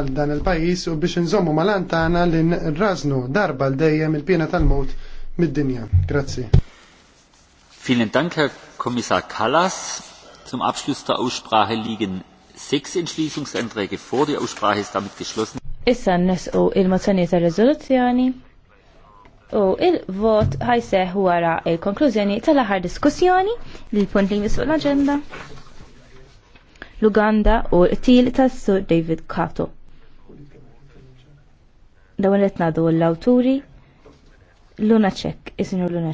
għal dan il-pajis u biex nżommu mal-antana li nraznu darba l-dejjem il-pjena tal mut mid-dinja. Grazie. Vielen Dank, Herr Kommissar Kallas. Zum Abschluss der Aussprache liegen sechs Entschließungsanträge vor. Die Aussprache ist damit geschlossen. Issa nesqu il-mozzjoni ta' rezoluzzjoni u il-vot ħajseħ wara il-konklużjoni tal-aħħar diskussjoni li l punt li jmissu l-agenda l-Uganda u t til tas-Sur David Kato. Dawn qed ngħidu l-awturi Luna Ċek, is-Sinjur Luna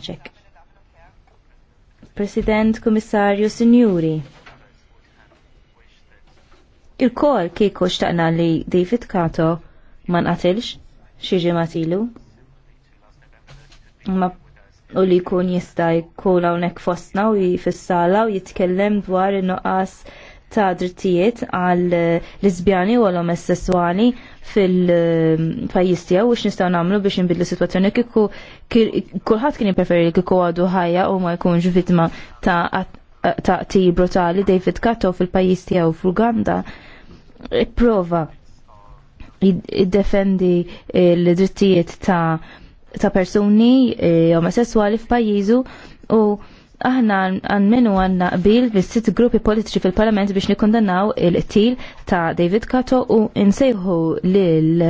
President, Komissarju, Sinjuri. Il-kol kieku xtaqna li David Kato ma nqatilx xi matilu. Ma u li jkun jista' jkun hawnhekk fostna u jifissala u jitkellem dwar in-nuqqas ta' drittijiet għal lesbjani u għal omessessuali fil-pajis tiegħu u x'nistgħu nagħmlu biex nbidlu sitwazzjoni kieku kulħadd kien jippreferi kieku għadu ħajja u ma jkunx vittma ta' taqti brutali David Kato fil-pajis tiegħu fl-Uganda prova jiddefendi l-drittijiet ta' ta' persuni eh, omessessuali f'pajjiżu u aħna għanmenu għanna qbil bis sit gruppi politiċi fil-parlament biex nikondannaw il til ta' David Kato u nsejħu lil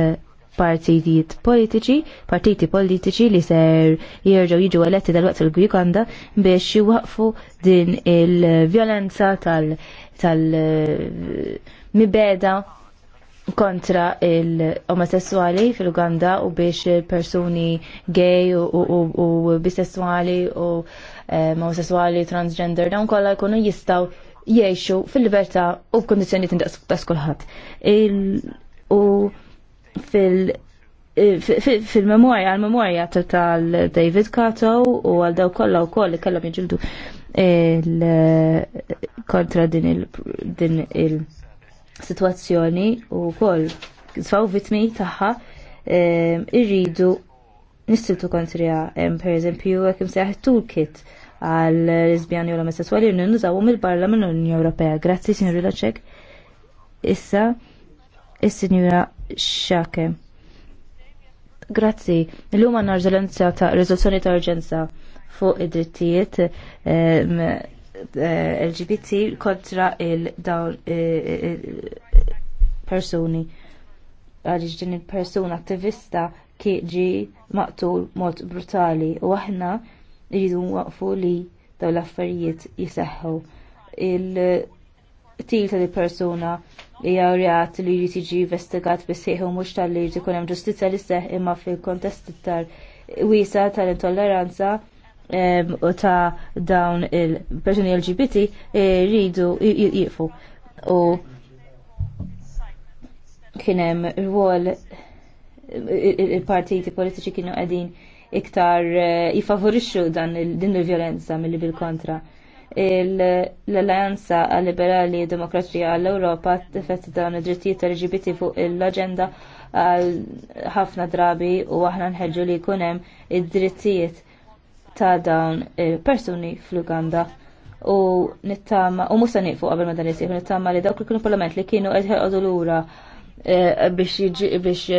partijiet politiċi, partiti politiċi li ser jirġaw jiġu eletti dal-waqt il-Gwikanda biex jwaqfu din il-violenza tal-mibeda tal, tal mibeda kontra il-omosessuali fil-Uganda u biex persuni gay u, u, bisessuali u eh, omosessuali transgender dawn kollha jkunu jistaw jiexu fil-libertà u f'kondizzjoni ta' skulħadd. U fil- memoria eh, memorja għal-memorja tal-David Kato u għal daw kollha u koll li kellhom jiġildu kontra din il- situazzjoni u koll tfaw vitmi taħħa irridu nistiltu kontrija per eżempju għakim seħ toolkit għal lesbjani u l-omosessuali n il mill-Parlament l-Unjoni Ewropea. Grazzi, signori Laċek. Issa, is-Signora Xake. Grazzi, l-lum għanna ta' rezoluzzjoni ta' urġenza fuq id-drittijiet LGBT kontra il-dawn eh, eh, persuni. Għalix din il-persuna attivista kieġi maqtul mod brutali u aħna rridu waqfu li daw l-affarijiet jiseħħu. Il-til tal persuna li reat li jrid jiġi investigat seħħu mhux tal-li jrid ikun hemm ġustizzja li seħħ imma fil-kontest tar wiesa tal-intolleranza u ta' dawn il-persuni LGBT eh, rridu jifu. U kienem rwol il-partiti politiċi kienu għedin iktar eh, jifavorixxu dan din il-violenza mill bil-kontra. L-Alleanza Liberali Demokratija għall-Europa tifet dawn id-drittijiet LGBT fuq l-agenda ħafna drabi u aħna nħeġġu li jkun hemm id-drittijiet ta' dawn persuni fl-Uganda u nittama, u musa nifu qabel ma dan jisir, nittama li dawk li kienu parlament li kienu għedħeqodu l-ura eh, biex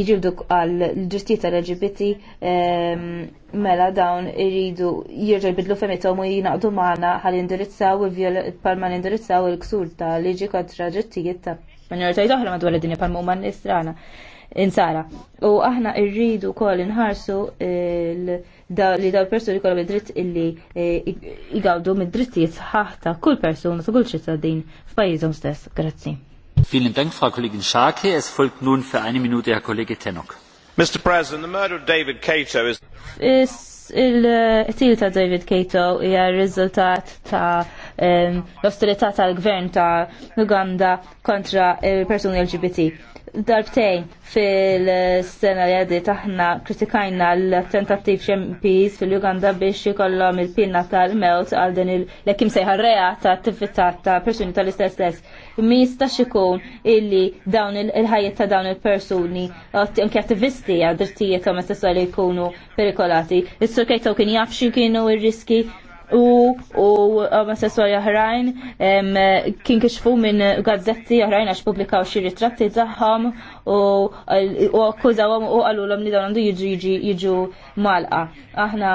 jġibdu eh, għal ġustizja l-LGBT eh, mela dawn iridu jirġu jibidlu femitom u jinaqdu maħna għal indirizzaw palma indirizzaw il-ksur ta' liġi kontra ġustizja ta' minoritajiet oħra madwar id-dinja palma u man istrana insara. U aħna irridu kol inħarsu il- da li daw persuni kollha id-dritt illi jgawdu e, mid-drittijiet sħaħ ta' kull persuna ta' kull ċittadin f'pajjiżhom stess. Grazzi. Vielen Dank, Frau Kollegin Scharke. Es folgt nun für eine Minute Herr Kollege Tenok. Mr. President, the murder of David Cato is... Il-qtil eh, ta' David Cato hija r-riżultat ta' l-ostilità tal-gvern ta' Uganda kontra il-persuni LGBT darbtejn fil-sena li għaddi taħna kritikajna l-tentattiv xempis fil-Uganda biex jikollom il-pinna tal-mewt għal din il-lekim sejħarreja ta' attività ta' persuni tal-istess stess. Mistax ikun illi dawn il-ħajiet ta' dawn il-persuni anke attivisti għad drittijiet ta' sessuali jkunu perikolati. Is-surkejtaw kien jaf kienu il riski u u omosessuali oħrajn kien kixfu minn gazzetti oħrajn għax publikaw xi ritratti tagħhom u akkużawhom u qalulhom li dawn għandu jiġu jiġu malqa. Aħna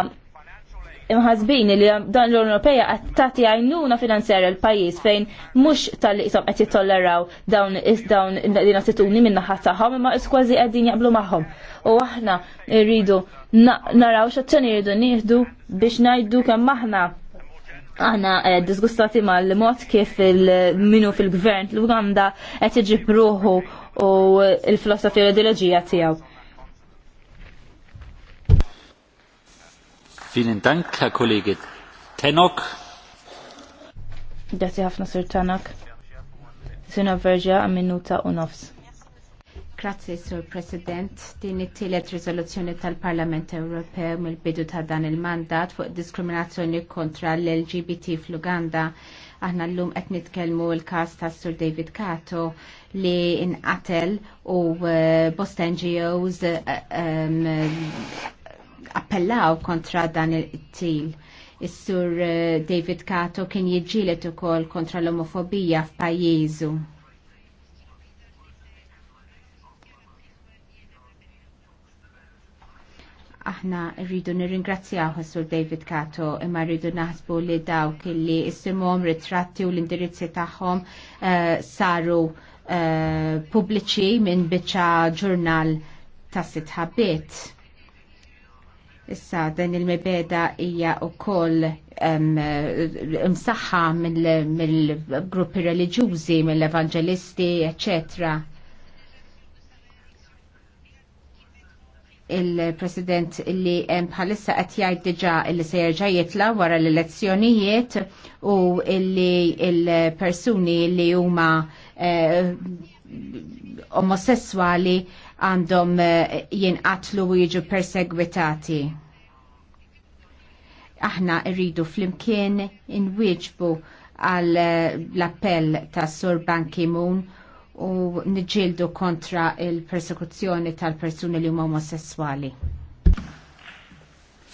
imħazbin li dan l-Unjoni qed tagħti għajnuna finanzjarja l-pajjiż fejn mhux tal-li qishom qed jittolleraw dawn dawn din attitudni minn naħa tagħhom imma kważi qegħdin jaqblu magħhom. U aħna rridu naraw x'azzjoni rridu nieħdu biex ngħidu kemm aħna aħna eh, disgustati mal-mod kif il-minu fil-gvern l-Uganda qed iġib u l-filosofija l ideologija tiegħu Vielen Dank, Herr Kollege Tenok. Grazie ħafna Sir Sina Verġa minuta u nofs. Grazie, Sur President. Din it-tielet riżoluzzjoni tal-Parlament Ewropew mill-bidu ta' dan il-mandat fuq diskriminazzjoni kontra l-LGBT fl-Uganda. Aħna l-lum qed nitkellmu l-każ ta' Sur David Kato li inqatel u eh, bosta NGOs um, eh, eh, appellaw kontra dan il-til. Is-sur eh, David Kato kien jiġilet ukoll kontra l-omofobija f'pajjiżu. Aħna rridu nirringrazzjaw sur David Kato imma rridu naħsbu li dawk li issimhom ritratti u l-indirizzi tagħhom uh, saru uh, pubbliċi minn biċċa ġurnal ta' sitħabiet Issa din il-mibeda hija wkoll msaħħa mill-gruppi reliġjużi, mill-evanġelisti, etc. il-president li bħalissa qed jgħid diġà li se jerġa' jitla wara l-elezzjonijiet u illi l-persuni li huma eh, omosessuali għandhom eh, jenqatlu u jiġu persegwitati. Aħna rridu flimkien inwieġbu għal eh, l-appell ta' Sur Ban Ki-moon u nġildu kontra il-persekuzzjoni tal-persuni li huma omosessuali.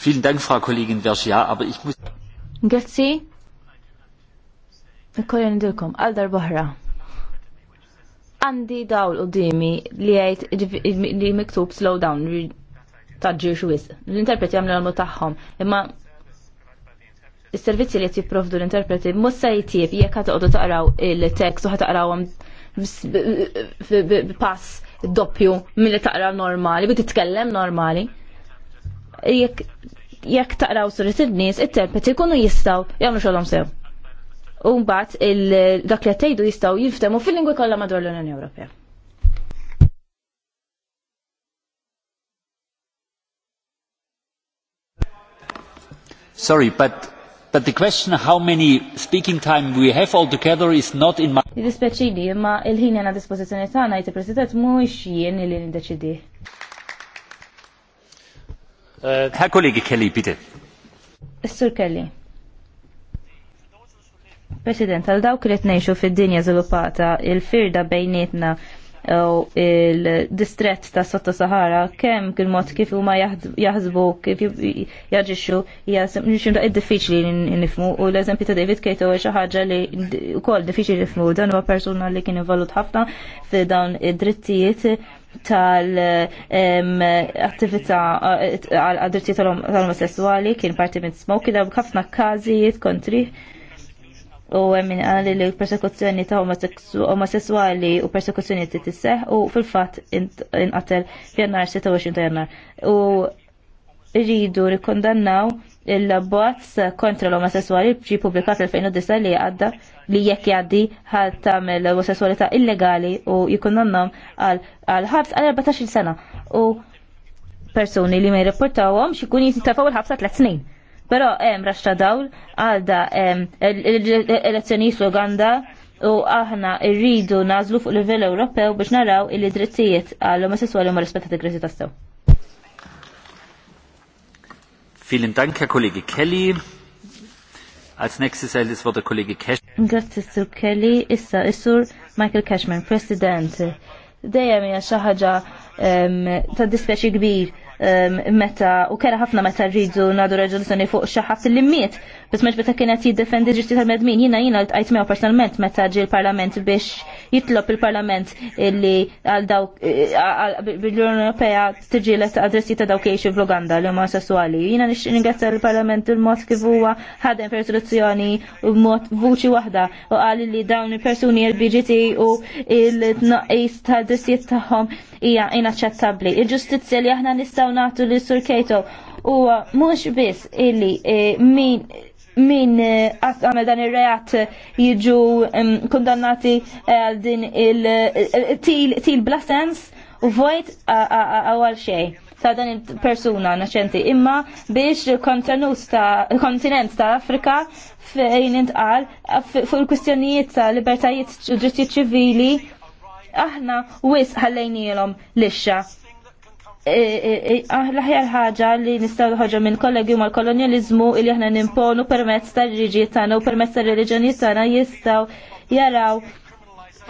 Vielen Dank, Frau Kollegin Versia, aber ich muss... Grazie. Kollegin Dilkom, għal darbohra għandi dawl l-qoddimi li għajt li miktub slow down taġġir xwis. L-interpreti għamlu l taħħom. Imma il-servizzi li jipprovdu l-interpreti mussa se jek jekk għoddu taqraw il-tekst u għam pass doppju milli taqraw normali, bi titkellem normali. Jekk taqraw surit id-nies, it-terpeti jkunu jistaw jagħmlu xogħolhom sew. Umbat il dak li għattejdu jistaw jiftemu fil-lingwi kolla madwar l-Unjoni Ewropea. Sorry, but but the question how many speaking time we have all together is not in my... Dispeċini, imma il-ħin jena dispozizjoni tagħna jt president mhux jien il-ħin indeċidi. Ha eh, kollegi Kelly, bitte. Sir Kelly. President, għal dawk li tnejxu fid-dinja zilupata il-firda bejnietna u il distret ta' Sotta Sahara kemm kien mod kif huma jaħsbu kif jaġixxu hija diffiċli nifmu u l-eżempju ta' David Kato hija xi ħaġa li wkoll diffiċli nifmu dan huwa persuna li kien involut ħafna fi dawn id-drittijiet tal-attività eh, għal-drittijiet tal-omosessuali kien parti minn smoke, da' ħafna każijiet kontri u minn għalli li persekuzzjoni ta' omosessuali u persekuzzjoni ti tisseħ u fil-fat inqatel f'jannar 26 ta' jannar. U rridu rikondannaw il-bots kontra l-omosessuali ġi publikat l-2009 li għadda li jekk jgħaddi ħad tagħmel omosessualità illegali u jikundannahom għal ħabs għal 14 sena u persuni li ma jirreportawhom xikun jitafaw il-ħabsa tliet snin Però hemm ta' dawl għalda elezzjonijiet fl uganda u aħna rridu nażlu fuq livell Ewropew biex naraw il-drittijiet għall-omosessuali ma rispettati tas-sew. Vielen Dank, Herr Kollege Kelly. Als nächstes hält das Wort der Kollege Cash. Grazie, Sir Kelly. Issa, Issur Michael Cashman, President. Dejjem hija xi ħaġa ta' dispeċi kbir meta u kera ħafna meta rridu nagħdu reġoluzzjoni fuq xi ħadd li miet Bis meċ meta kienet jiddefendi ġisti tal-medmin, jina jina għajt mew personalment meta ġi l-parlament biex jitlob il-parlament li għal dawk bil-Unjoni Ewropea tiġi l adressi ta' dawk jiexu vloganda l li huma sessuali. Jina ningrazzja l-parlament il-mod kif huwa ħadem u mod vuċi waħda u qal li dawn il-persuni l-BGT u il-tnaqqis ta' drittijiet tagħhom hija inaċċettabbli. Il-ġustizzja li aħna nistgħu nagħtu lis Sur Kejto u mhux biss illi e, min min e, għamel dan il-reat jiġu kondannati e, għal din il-til blasens u vojt għal xej ta' dan il-persuna naċenti imma biex ta' kontinent ta' Afrika fejn intqal fuq il-kwistjonijiet ta' libertajiet u drittijiet ċivili aħna wis ħallejnielhom lixxa Eh, eh, eh, ah, l-aħjar ħaġa li nistaw ħagġa minn kollegi ma l-kolonializmu li aħna nimponu permezz tal-ġiġi tagħna u permezz tal-reliġjoni tagħna jistgħu jaraw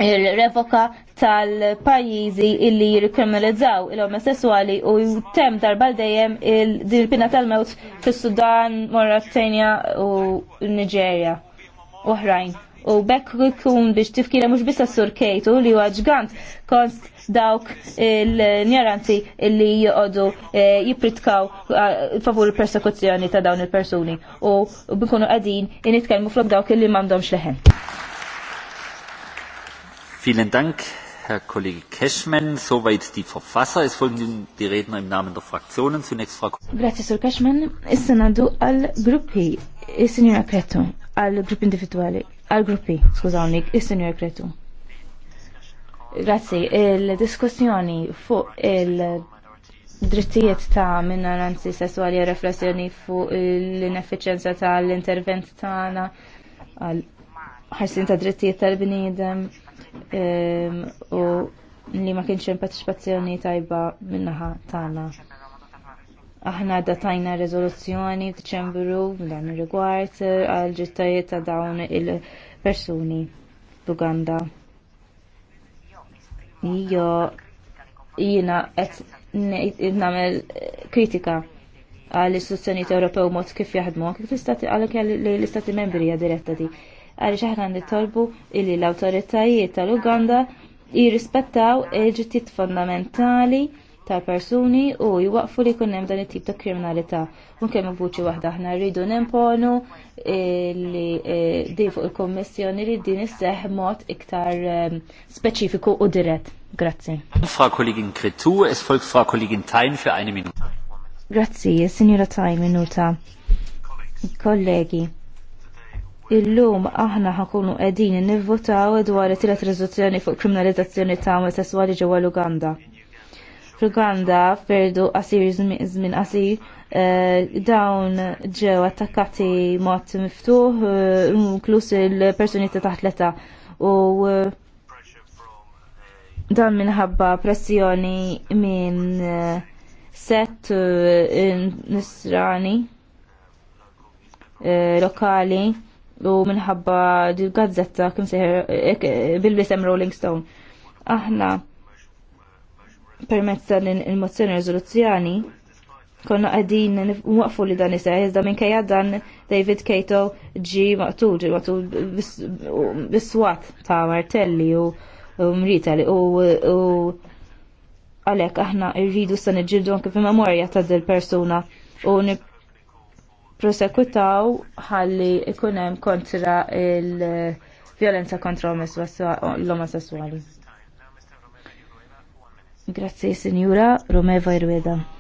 il-revoka tal-pajjiżi illi jirkriminalizzaw il-omosessuali u tem darba dejjem il-pina tal-mewt fis-Sudan, Mauritania u Niġerja oħrajn. U bekk kun biex tifkira mhux biss sur Kejtu li huwa ġgant konst dawk il-njaranti illi joqogħdu eh, jipritkaw eh, favur il-persekuzzjoni ta' dawn il-persuni u bikunu għadin nitkellmu flok dawk illi mandom xleħen. Vielen Dank, Herr Kollege Cashman. Soweit die Verfasser. Es folgen die Redner im Namen der Fraktionen. Zunächst Frau Grazie, Sir Cashman. Is-senadu al gruppi Es sind senjura Kretu. Al gruppi individuali. Al gruppi Es sind senjura Kretu. Grazzi, il-diskussjoni fuq il-drittijiet ta' minoranzi sessuali e riflessjoni fuq l-ineffiċenza tal-intervent tagħna għal ħarsin ta' drittijiet tal-bniedem ehm, u li ma kienx hemm partecipazzjoni tajba minnaħa tagħna aħna datajna riżoluzzjoni f'ċembru dan ir-rigward għal ġittajiet ta' dawn il-persuni f'Uganda jo jina qed nagħmel eh, kritika għall istuzzjonijiet Ewropew mod kif jaħdmu, kif l-istati għalhekk l-istati membri hija diretta di. Għaliex aħna nitolbu illi l-awtoritajiet tal-Uganda jirrispettaw il-ġittijiet fondamentali tal-persuni u jwaqfu li jkun hemm dan it-tip ta' kriminalità. ma' vuċi waħda aħna rridu nimponu eh, li eh, di fuq il-Kommissjoni li din isseħ mod iktar eh, speċifiku u dirett. Grazzi. Fra kollegin Kretu, es folk fra kollegin Tajn fi għajni minuta. Grazzi, signora Tajn minuta. Kollegi, Illum aħna ħakunu qegħdin nivvotaw dwar it-tielet riżoluzzjoni fuq kriminalizzazzjoni ta' omosessuali ġewwa l-Uganda fil uganda ferdu qasir żmien qasir eh, dawn ġew attakkati mod miftuħ eh, inkluż il-persuni ta' taħt l-età u eh, dan minħabba pressjoni minn set nisrani lokali u minħabba gazzetta kim seħer bil-bisem Rolling Stone. Aħna permezz tal-mozzjoni rezoluzzjoni konna għadin waqfu li dan iseħ, iżda minn kajja dan David Kato ġi maqtu, ġi maqtul biswat ta' martelli u mritali u għalek aħna irridu san iġildu anke fi memoria ta' dil persuna u prosekutaw ħalli ikunem kontra il-violenza kontra l-omosessuali. Grazie, Signora Romeva Irveda.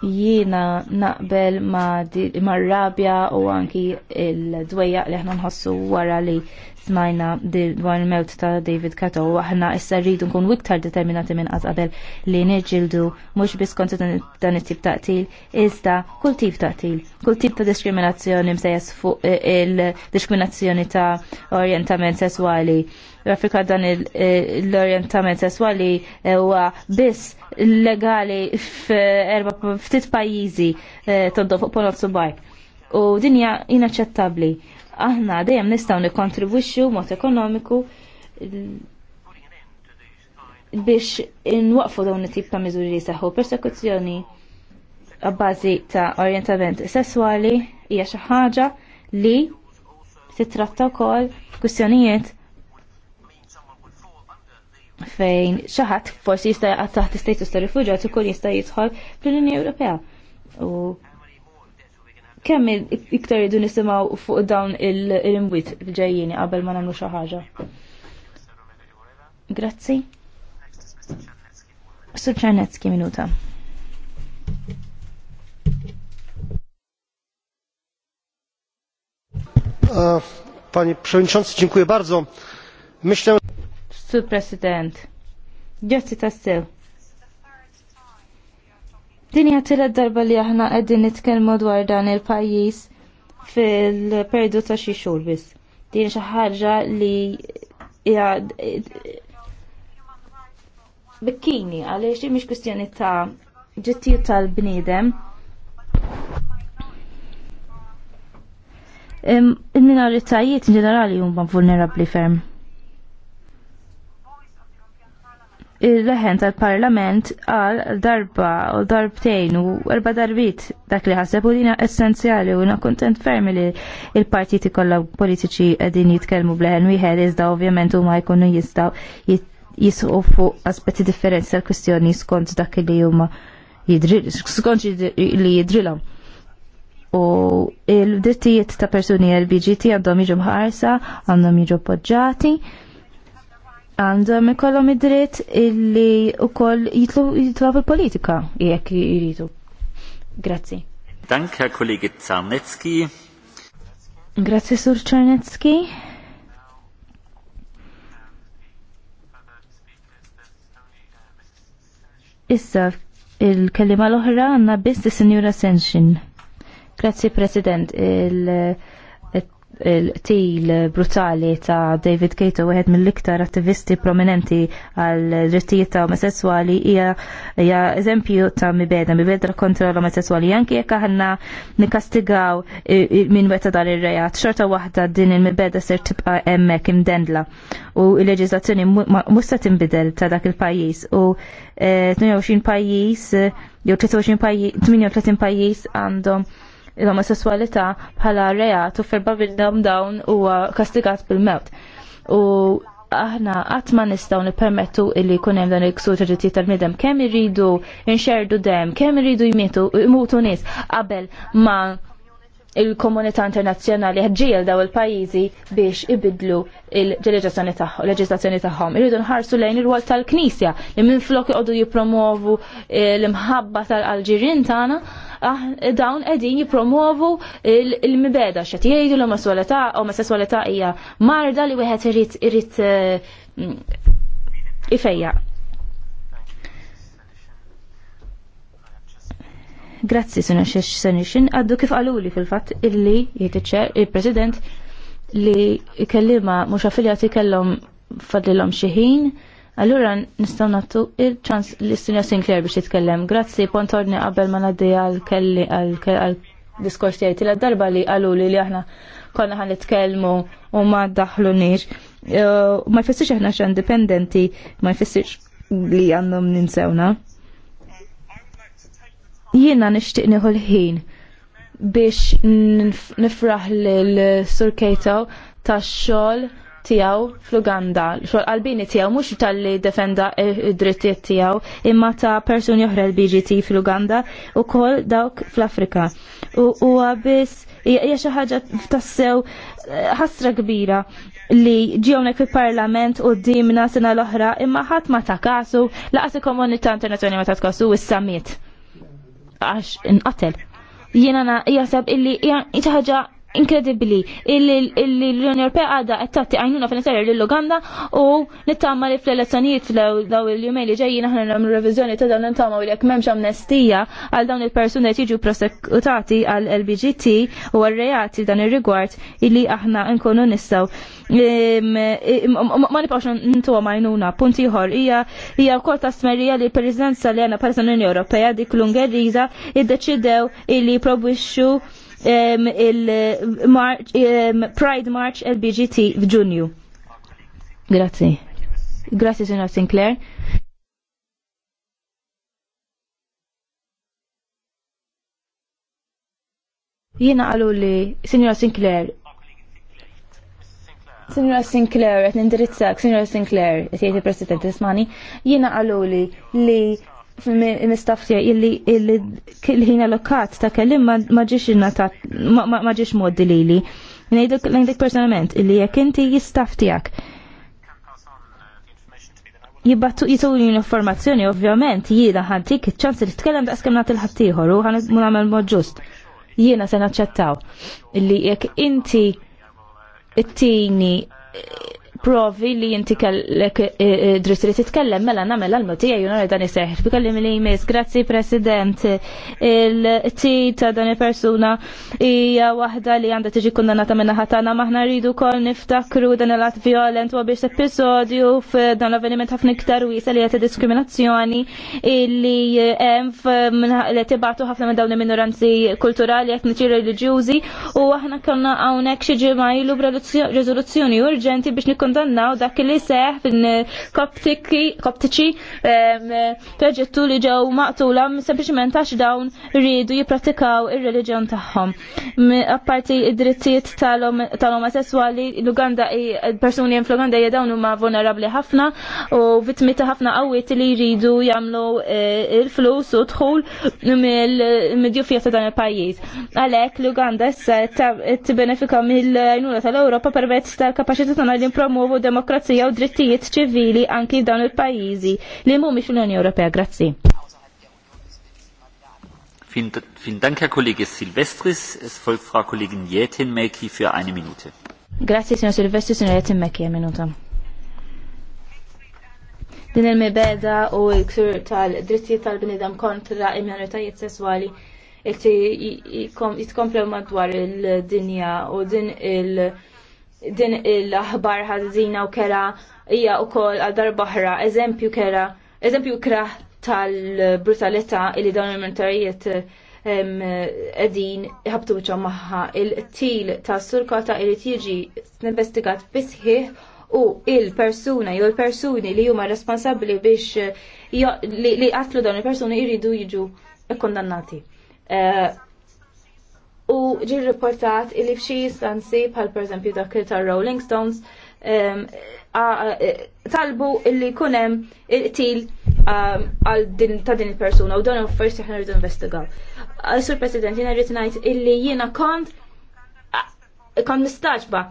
jiena naqbel ma' rabja u anki il-dwejja li ħna nħossu wara li smajna dwar il-mewt ta' David Kato u aħna issa rridu nkun iktar determinati minn qatt qabel li niġġieldu mhux biss kontra dan it-tip ta' Til, iżda kull tip ta' Til. kull tip ta' diskriminazzjoni msejjes fuq eh, il-diskriminazzjoni ta' orjentament sesswali. Afrika dan eh, l-orjentament sesswali eh, huwa biss legali f'erba' ftit pajjiżi toddok fuq ponot subaj u dinja inaċċettabbli aħna dejjem nistgħu nikkontribwixxu mod ekonomiku biex inwaqfu dawn it-tip ta' miżuri li seħħu persekuzzjoni għabbażi ta' orientament sesswali hija xi ħaġa li titratta wkoll kwistjonijiet fejn xi ħadd forsi jista' jaqgħad taħt status ta' rifuġjat ukoll jista' jidħol fl-Unjoni Ewropea. U kemm iktar jiddu nisimaw fuq dawn il-imwit ġejjini qabel ma nagħmlu xi ħaġa. Grazzi. Sur Czarnecki minuta. E, panie Przewodniczący, dziękuję bardzo. Myślę... Sur Prezydent, grazzi tassew. Din hija tielet darba li aħna qegħdin nitkellmu dwar dan il-pajjiż fil-perdu ta' xi xhur biss. Din xi ħaġa li hija bikkini għaliex mhix kwistjoni ta' ġittiju tal-bniedem. Il-minoritajiet in ġenerali huma vulnerabbli ferm. il-leħen tal-parlament għal darba u darbtejn u erba darbit dak li ħaseb u dina essenzjali u na kontent fermi li il-partiti kollha politiċi qegħdin jitkellmu bleħen wieħed iżda ovvjament huma jkunu jistgħu jisqu fuq aspetti differenti tal-kwistjoni skont dak li huma skont li jidrilhom. U il-drittijiet ta' persuni LBGT għandhom jiġu mħarsa, għandhom jiġu poġġati għandhom ikollhom id-dritt illi wkoll jitlu jitlu politika jekk jiridu. Grazzi. Dank, Herr Kollege Zarnecki. Grazzi, Sur Czarnecki. Issa, il kellima l-oħra għanna biss il-Sinjura Senxin. Grazzi, President. Il- president il til brutali ta' David Cato, wieħed mill-iktar attivisti prominenti għal drittijiet ta' omosessuali, hija eżempju ta' mibeda, mibeda kontra l-omosessuali. Anki jekk aħna nikastigaw minn weta dan ir-rejat, xorta waħda din il-mibeda ser tibqa' hemmhekk imdendla u l-leġiżlazzjoni musta tinbidel ta' dak il-pajjiż u 22 eh, pajjiż jew 23 pajjiż 38 pajjiż għandhom l-omosessualità bħala reat u ferba bil dom dawn u kastigat bil-mewt. U aħna qatt ma nistgħu nippermettu illi jkun hemm dan il-ksur tar tal medem kemm iridu inxerdu dem, kemm iridu jimitu, imutu nies qabel ma il-komunità internazzjonali ħġiel daw il-pajjiżi biex ibidlu il-leġislazzjoni tagħhom, leġislazzjoni tagħhom. Irridu nħarsu lejn ir-rwol tal-Knisja li minflok iqogħdu jippromovu eh, l-imħabba tal-Alġirin tagħna ah, dawn qegħdin jippromovu il-mibeda x'għed jgħidu l o sesswalità hija marda li wieħed irid eh, mm, ifejja. Grazzi, Sena Senixin, għaddu kif għaluli fil-fat illi jitiċer il-President li kellima mux affiljati kellom fadlilom xieħin, allura nistaw nattu il-ċans li Sinja Sinclair biex jitkellem. Grazzi, pontorni qabel ma naddi għal-kelli għal-diskors tijaj, tila darba li għaluli li aħna konna għan nitkellmu u ma daħlu nix. Ma jfessiċ aħna xan dipendenti, ma jfessiċ li għandhom ninsewna jiena nixtieq nieħu l-ħin biex nifraħ l-Sur Keito tax-xogħol tiegħu fl-Uganda. Xogħol qalbini tiegħu mhux tal-li defenda id-drittijiet tiegħu imma ta' persuni oħra l-BGT fl-Uganda kol dawk fl-Afrika. U għabis, jiexa ħagġa tassew eh, ħasra kbira li ġiewnek fil-parlament u dimna sena l-oħra imma ħadd ma ta' kasu laqas il komunita internazjoni ma ta' kasu is-summit għax inqatel. Jiena jaħseb illi hija inkredibbli l-Unjoni Ewropea għadha qed tagħti għajnuna finanzjarja lill Uganda u nittama li fl-elezzjonijiet daw il-jumej li ġejjin aħna nagħmlu reviżjoni ta' dawn nittama u li jekk m'hemmx amnestija għal dawn il-persuni li jiġu prosekutati għal LBGT u għal-reati dan ir-rigward illi aħna nkunu nistgħu ma nibqgħux nintuha majnuna. Punt ieħor hija hija wkoll smerija li l-Presidenza li għandna bħalsa l-Unjoni Ewropea dik l-Ungeriża iddeċidew illi probwixxu Um, il-Pride march um, March LBGT f'Ġunju. Grazzi. Grazzi, Signor Sinclair. Jiena għalu li, Signora Sinclair, Signora Sinclair, għet nindirizzak, Signora Sinclair, għet jieti il-President Ismani, jiena li li mistaff illi il ħina lokat ta' kellim ma ġiex innatat ma ġiex moddi lili. Ngħidlek ngħidlek personalment illi jekk inti jistaff tiegħek jibbattu jituli l-informazzjoni ovvjament jiena ħantik iċ-ċans li tkellem da' skemnat il ħaddieħor u nagħmel mod ġust. Jiena se naċċettaw illi jekk inti it-tini provi li inti kellek eh, eh, dritt li titkellem mela nagħmel għal motija juna dan iseħħ. Bikellim li jmiss, grazzi President. Il-ti ta' dan il-persuna hija waħda li għandha tiġi kundannata minna ħatana maħna rridu kol niftakru dan il-att violent u biex episodju f'dan l-avveniment ħafna iktar wiesa li qed diskriminazzjoni illi hemm li tibatu ħafna minn dawn il-minoranzi kulturali, etniċi, reliġjużi u aħna kellna hawnhekk xi ġimgħa ilu b'riżoluzzjoni urġenti biex nikun nikkondannaw dak li seħ fin eh, koptiċi preġettu li ġew maqtula sempliċement għax dawn rridu jipprattikaw ir-reliġjon tagħhom. Apparti id-drittijiet tal sessuali l-Uganda persuni jem fl-Uganda hija dawn huma vulnerabbli ħafna u vittmi ta' ħafna qawwiet li jridu jagħmlu eh, il-flus u dħul mill-djufija ta' dan il-pajjiż. Għalhekk l-Uganda issa tibbenefika mill-għajnuna tal-Ewropa permezz tal-kapaċità tagħna li npromu nipromuvu demokrazija u drittijiet ċivili anki f'dawn il-pajjiżi li mhumiex l-Unjoni Ewropea. Grazzi. Vielen Dank, Herr Kollege Silvestris. Es folgt Frau Kollegin Jätin Mäki für eine Minute. Grazie, signor Silvestris, signor Jätin Mäki, eine Minute. Din il-mibeda u l-ksur tal-drittijiet tal-bnidem kontra il-minoritajiet sessuali jitkomplew madwar il-dinja u din il- dinja din il-aħbar ħazina u kera hija wkoll għal darbaħra eżempju kera eżempju kraħ tal-brutalità li dawn il-militarijiet qegħdin ħabtu magħha il-til ta' surkota li tiġi investigat bisħiħ u il-persuna jew il-persuni li huma responsabbli biex li qatlu dawn il-persuni jridu jiġu kondannati. Eh, u ġi riportat illi f'xi istanzi bħal pereżempju dak tar Rolling Stones e, talbu illi kunem il-til um, għal ta' din il-persuna u dan first ħna rridu investigaw. Sur President, jina rrid ngħid illi jiena kont kont mistaġba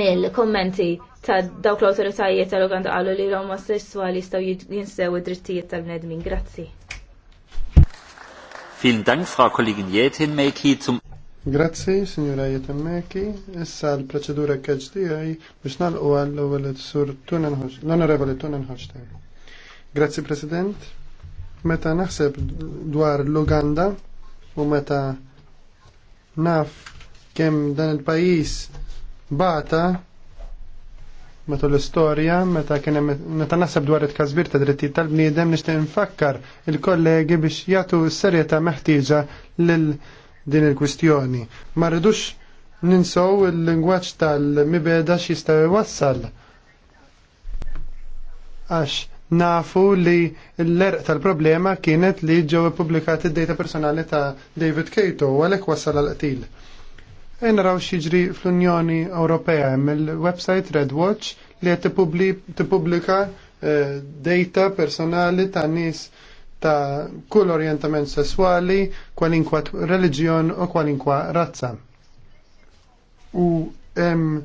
mill-kommenti ta' dawk l-autoritajiet tal-Uganda qalu li l-omosessuali jistgħu jinsew id-drittijiet tal-bnedmin. Grazzi. Vielen Dank, Frau Kollegin Jätenmäki. Zum Grazzi, signora Jätenmäki. Issa l-proċedura KHDI biex nalqu għall-ewwel sur l-Onorevoli Tunenhoċten. Grazzi, President. Meta naħseb dwar l-Uganda u meta naf kem dan il-pajis bata meta l-istorja, meta kien meta naħseb dwar it-każbir ta' drittijiet tal-bniedem nixtieq nfakkar il-kollegi biex jagħtu serjetà meħtieġa lil din il-kwistjoni. Ma rridux ninsow il-lingwaġġ tal-mibeda x'jista' jwassal. Għax nafu li l-erq tal-problema kienet li ġew ippubblikati d-data personali ta' David Cato u għalhekk wassal għal qtil. E naraw xiġri fl-Unjoni Ewropea mill-website Redwatch li qed tippubblika eh, data personali ta' nies ta' kull orientament sessuali, kwalinkwa reliġjon u kwalinkwa razza. U hemm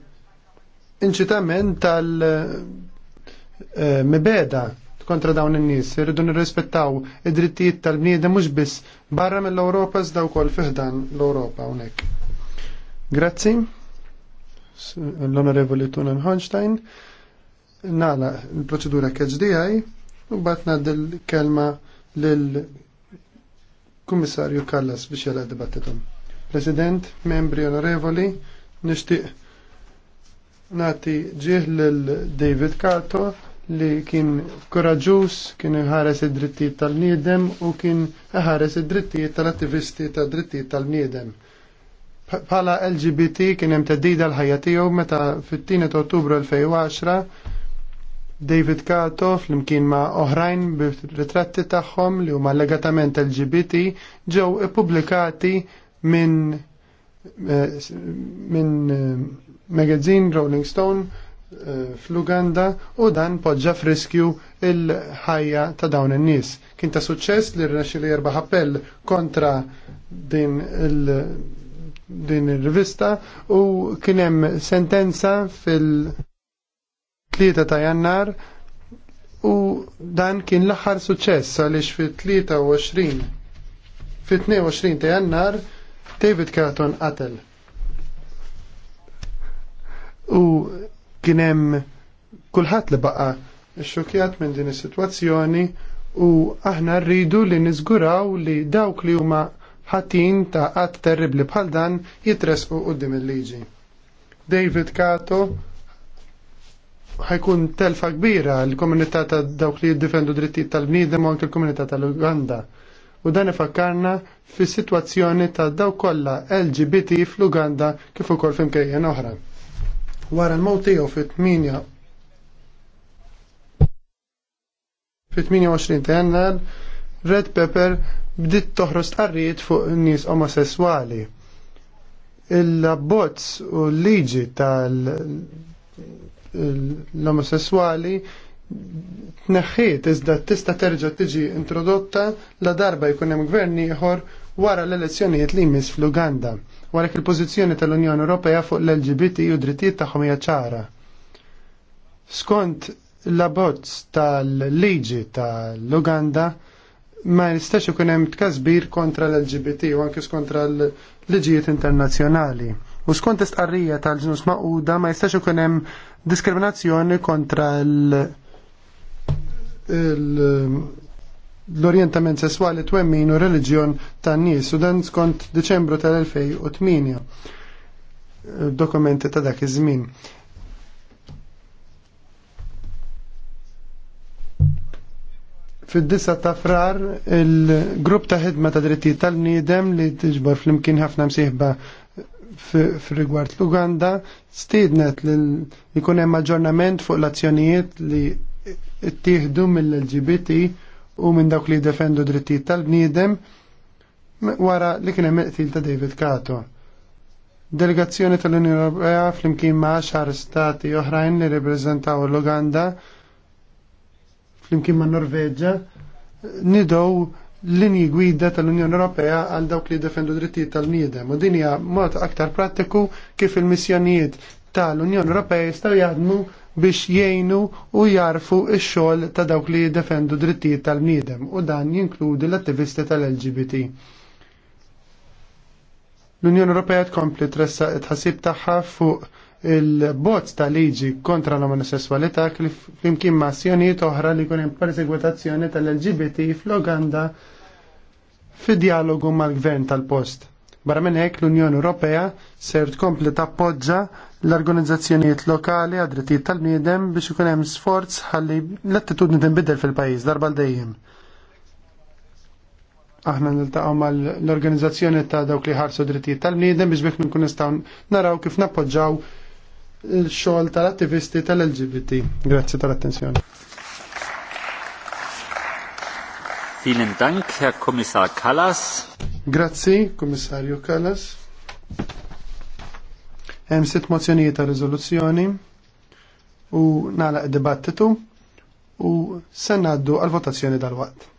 inċitament tal eh, mibeda kontra dawn in-nies irridu nirrispettaw id-drittijiet tal-bniedem mhux biss barra mill-Ewropa iżda wkoll fiħdan l-Ewropa hawnhekk. Grazzi, l-Onorevoli Tunan Honstein, nala l-proċedura KHDI u batna dil-kelma l-Kummissarju Kallas biex jala dibattitum. President, membri onorevoli, nishtiq nati ġieħ l-David Kato li kien koraġus, kien ħares id-drittijiet tal-niedem u kien ħares id-drittijiet tal-attivisti tad drittijiet tal-niedem. tal attivisti tal tal attivisti tad drittijiet tal niedem Pala LGBT kien hemm teddida l-ħajja tiegħu meta fit-tieni ta' Ottubru 2010 David Kato flimkien ma' oħrajn ritratti tagħhom li huma legatament LGBT ġew ippubblikati minn eh, minn eh, magazine Rolling Stone eh, fl-Uganda u dan poġġa friskju il-ħajja ta' dawn in-nies. Kien ta' suċċess li rnexxi li jerbaħ appell kontra din il- din ir-rivista u kien hemm sentenza fil-3 ta' Jannar u dan kien l-aħħar suċċess għaliex fit-23 fit-22 ta' Jannar David Carton qatel. U kien hemm kulħadd li baqa' xokjat minn din is-sitwazzjoni u aħna rridu li niżguraw li dawk li huma ħatin ta' qatt terribli bħal dan jitresqu qudiem il-liġi. David Kato ħajkun telfa kbira l-komunità ta' dawk li jiddifendu drittijiet tal-bniedem u anke l-komunità tal-Uganda. U dan ifakkarna fis sitwazzjoni ta' dawk kollha LGBT fl-Uganda kif ukoll f'imkejjen oħra. Wara l-mowt tiegħu fit-8 fit-28 ta' jannar Red Pepper bdiet toħros tqarrijiet fuq nies omosessuali. Il-abbozz u l-liġi tal-omosessuali tneħħiet iżda tista' terġa' tiġi introdotta la darba jkun hemm gvern ieħor wara l-elezzjonijiet li jmiss fl-Uganda, wara il-pożizzjoni tal-Unjoni Ewropea fuq l-LGBT u drittijiet tagħhom hija ċara. Skont l-abbozz tal-liġi tal-Uganda, ma jistax ikun hemm tkasbir kontra l-LGBT u anke skontra l-liġijiet internazzjonali. U skont istqarrija tal-ġnus maquda ma jistax ikun hemm diskriminazzjoni kontra l-orientament sessuali twemmin u reliġjon tan-nies u dan skont Deċembru tal-2008 dokumenti ta' dak iż-żmien. Fid-disa ta' frar, il-grupp ta' ħidma ta' dritti tal nidem li tiġbor flimkien ħafna msieħba rigward l-Uganda stiednet li jkun hemm aġġornament fuq l-azzjonijiet li ttieħdu mill-LGBT u minn dawk li defendu drittijiet tal-bniedem wara li kien hemm ta' David Kato. Delegazzjoni tal-Unjoni Ewropea flimkien ma' xar stati oħrajn li reprezentaw l-Uganda flimkien ma' Norveġġa nidow linji gwida tal-Unjoni Ewropea għal dawk li defendu drittijiet tal-niedem. U din hija mod aktar prattiku kif il-missjonijiet tal-Unjoni Ewropea jistgħu jaħdmu biex jgħinu u jarfu x-xogħol ta' dawk li defendu drittijiet tal-niedem u dan jinkludi l-attivisti tal-LGBT. L-Unjoni Ewropea tkompli it tħassib tagħha fuq il-bozz ta' liġi kontra l-omosessualità flimkien ma' azzjonijiet oħra li jkun hemm persegwitazzjoni tal-LGBT fl-Uganda fi dialogu mal-gvern tal-post. Barra minn hekk l-Unjoni Ewropea ser tkompli tappoġġa l-organizzazzjonijiet lokali għad drittijiet tal-bniedem biex ikun hemm sforz ħalli l-attitudni tinbidel fil-pajjiż darba l dejjem aħna niltaqgħu mal-organizzazzjoni ta' dawk li ħarsu drittijiet tal-bniedem biex biex nkun nistgħu naraw kif nappoġġaw il-xogħol tal-attivisti tal-LGBT. Grazzi tal-attenzjoni. Vielen Dank, Herr Kommissar Kallas. Grazzi, Kommissarju Kallas. Hemm sitt mozzjonijiet ta' riżoluzzjoni u nagħlaq dibattitu u se ngħaddu għal votazzjoni dal-waqt.